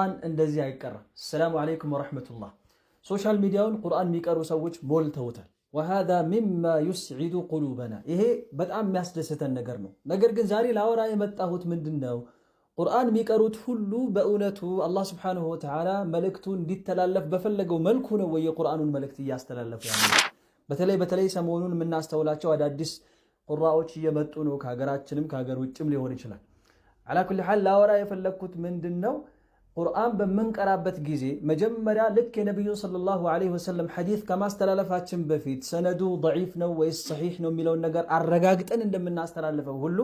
ቁርአን እንደዚህ አይቀራም። አሰላሙ ዓለይኩም ወረሕመቱላህ። ሶሻል ሚዲያውን ቁርአን የሚቀሩ ሰዎች ሞልተውታል። ወሃዛ ሚማ ዩስዒዱ ቁሉበና፣ ይሄ በጣም የሚያስደስተን ነገር ነው። ነገር ግን ዛሬ ላወራ የመጣሁት ምንድን ነው? ቁርአን የሚቀሩት ሁሉ በእውነቱ አላህ ስብሓነሁ ወተዓላ መልእክቱ እንዲተላለፍ በፈለገው መልኩ ነው ወይ የቁርአኑን መልእክት እያስተላለፉ ያለ? በተለይ በተለይ ሰሞኑን የምናስተውላቸው አዳዲስ ቁራዎች እየመጡ ነው፣ ከሀገራችንም ከሀገር ውጭም ሊሆን ይችላል። አላ ኩሊ ሓል ላወራ የፈለግኩት ምንድን ነው ቁርአን በምንቀራበት ጊዜ መጀመሪያ ልክ የነቢዩ ሰለላሁ ዐለይሂ ወሰለም ሐዲስ ከማስተላለፋችን በፊት ሰነዱ ደዒፍ ነው ወይስ ሰሒሕ ነው የሚለውን ነገር አረጋግጠን እንደምናስተላልፈው ሁሉ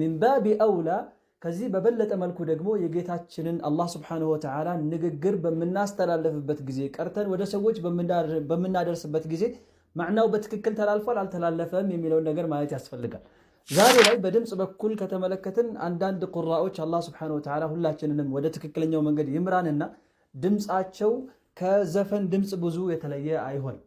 ሚንባቢ አውላ ከዚህ በበለጠ መልኩ ደግሞ የጌታችንን አላህ ስብሓነሁ ወተዓላ ንግግር በምናስተላለፍበት ጊዜ ቀርተን ወደ ሰዎች በምናደርስበት ጊዜ ማዕናው በትክክል ተላልፏል አልተላለፈም የሚለውን ነገር ማየት ያስፈልጋል። ዛሬ ላይ በድምፅ በኩል ከተመለከትን አንዳንድ ቁራዎች አላህ ስብሐነሁ ወተዓላ ሁላችንንም ወደ ትክክለኛው መንገድ ይምራንና ድምፃቸው ከዘፈን ድምፅ ብዙ የተለየ አይሆን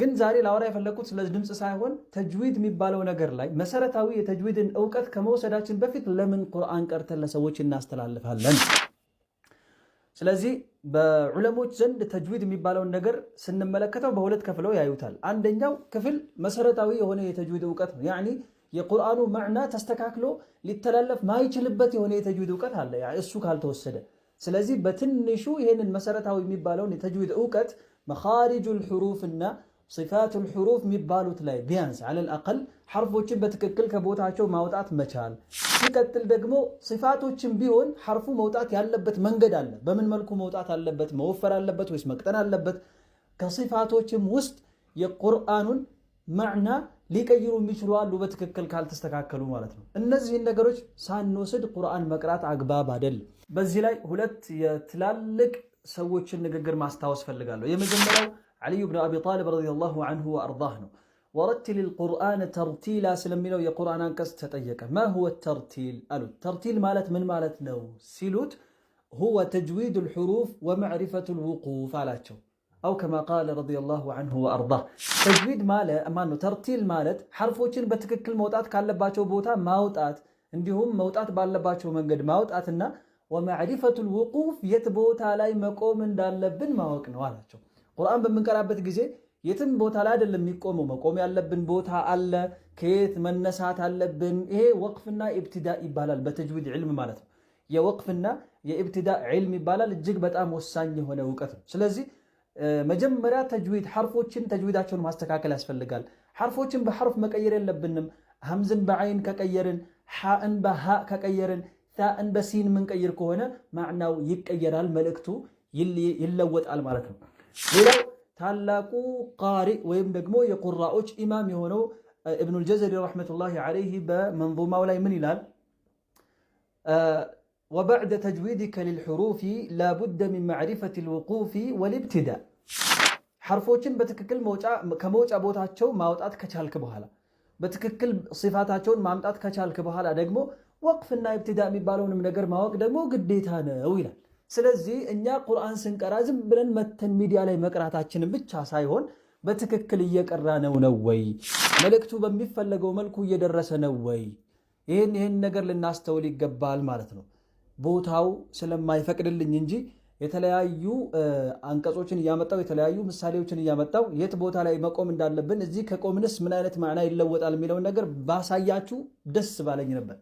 ግን ዛሬ ላወራ የፈለግኩት ስለ ድምፅ ሳይሆን ተጅዊድ የሚባለው ነገር ላይ መሰረታዊ የተጅዊድን እውቀት ከመውሰዳችን በፊት ለምን ቁርአን ቀርተን ለሰዎች እናስተላልፋለን? ስለዚህ በዑለሞች ዘንድ ተጅዊድ የሚባለውን ነገር ስንመለከተው በሁለት ከፍለው ያዩታል። አንደኛው ክፍል መሰረታዊ የሆነ የተጅዊድ እውቀት ነው። ያኒ የቁርአኑ ማዕና ተስተካክሎ ሊተላለፍ ማይችልበት የሆነ የተጅዊድ እውቀት አለ እሱ ካልተወሰደ። ስለዚህ በትንሹ ይህንን መሰረታዊ የሚባለውን የተጅዊድ እውቀት መኻሪጁል እና ሲፋቱል ሑሩፍ የሚባሉት ላይ ቢያንስ አለል አቀል ሐርፎችን በትክክል ከቦታቸው ማውጣት መቻል። ሲቀጥል ደግሞ ሲፋቶችን ቢሆን ሐርፉ መውጣት ያለበት መንገድ አለ። በምን መልኩ መውጣት አለበት? መወፈር አለበት ወይስ መቅጠን አለበት? ከሲፋቶችም ውስጥ የቁርአኑን ማዕና ሊቀይሩ የሚችሉ አሉ፣ በትክክል ካልተስተካከሉ ማለት ነው። እነዚህን ነገሮች ሳንወስድ ቁርአን መቅራት አግባብ አይደለም። በዚህ ላይ ሁለት የትላልቅ ሰዎችን ንግግር ማስታወስ ፈልጋለሁ። የመጀመሪያው ዓልዩ ብን አቢ ጣልብ ረዲየላሁ አንሁ ወአርዳህ ነው። ወረቲል ልቁርአነ ተርቲላ ስለሚለው የቁርአን አንቀጽ ተጠየቀ። ማ ሁወ ተርቲል አሉት። ተርቲል ማለት ምን ማለት ነው ሲሉት ሁወ ተጅዊድ ልሑሩፍ ወመዕሪፈቱ ልውቁፍ አላቸው። አው ከማ ቃለ ረዲየላሁ አንሁ ወአርዳህ። ተጅዊድ ማነው? ተርቲል ማለት ሐርፎችን በትክክል መውጣት ካለባቸው ቦታ ማውጣት እንዲሁም መውጣት ባለባቸው መንገድ ማውጣትና ወመዕሪፈቱ ልውቁፍ የት ቦታ ላይ መቆም እንዳለብን ማወቅ ነው አላቸው። ቁርአን በምንቀራበት ጊዜ የትም ቦታ ላይ አይደለም የሚቆመው። መቆም ያለብን ቦታ አለ፣ ከየት መነሳት አለብን። ይሄ ወቅፍና ኢብትዳ ይባላል በተጅዊድ ዕልም ማለት ነው። የወቅፍና የኢብትዳ ዕልም ይባላል። እጅግ በጣም ወሳኝ የሆነ እውቀት ነው። ስለዚህ መጀመሪያ ተጅዊድ ሐርፎችን ተጅዊዳቸውን ማስተካከል ያስፈልጋል። ሐርፎችን በሐርፍ መቀየር የለብንም። ሐምዝን በዐይን ከቀየርን፣ ሐእን በሃ ከቀየርን፣ ታእን በሲን ምንቀይር ከሆነ ማዕናው ይቀየራል፣ መልእክቱ ይለወጣል ማለት ነው። ሌላው ታላቁ ቃሪእ ወይም ደግሞ የቁራዎች ኢማም የሆነው ኢብኑል ጀዘሪ ረሕመቱላሂ ዓለይህ በመንዙማው ላይ ምን ይላል? ወበዕደ ተጅዊድከ ሊልሑሩፊ ላቡደ ሚን ማዕሪፈት ልውቁፊ ወልብትዳ ሐርፎችን በትክክል ከመውጫ ቦታቸው ማውጣት ከቻልክ በኋላ በትክክል ሲፋታቸውን ማምጣት ከቻልክ በኋላ ደግሞ ወቅፍና ኢብትዳ የሚባለውንም ነገር ማወቅ ደግሞ ግዴታ ነው ይላል። ስለዚህ እኛ ቁርአን ስንቀራ ዝም ብለን መተን ሚዲያ ላይ መቅራታችንን ብቻ ሳይሆን በትክክል ነው ነው ወይ? መልእክቱ በሚፈለገው መልኩ እየደረሰ ነው ወይ? ይህን ይህን ነገር ልናስተውል ይገባል ማለት ነው። ቦታው ስለማይፈቅድልኝ እንጂ የተለያዩ አንቀጾችን እያመጣው የተለያዩ ምሳሌዎችን እያመጣው የት ቦታ ላይ መቆም እንዳለብን እዚህ ከቆምንስ ምን አይነት ማዕና ይለወጣል የሚለውን ነገር ባሳያችሁ ደስ ባለኝ ነበር።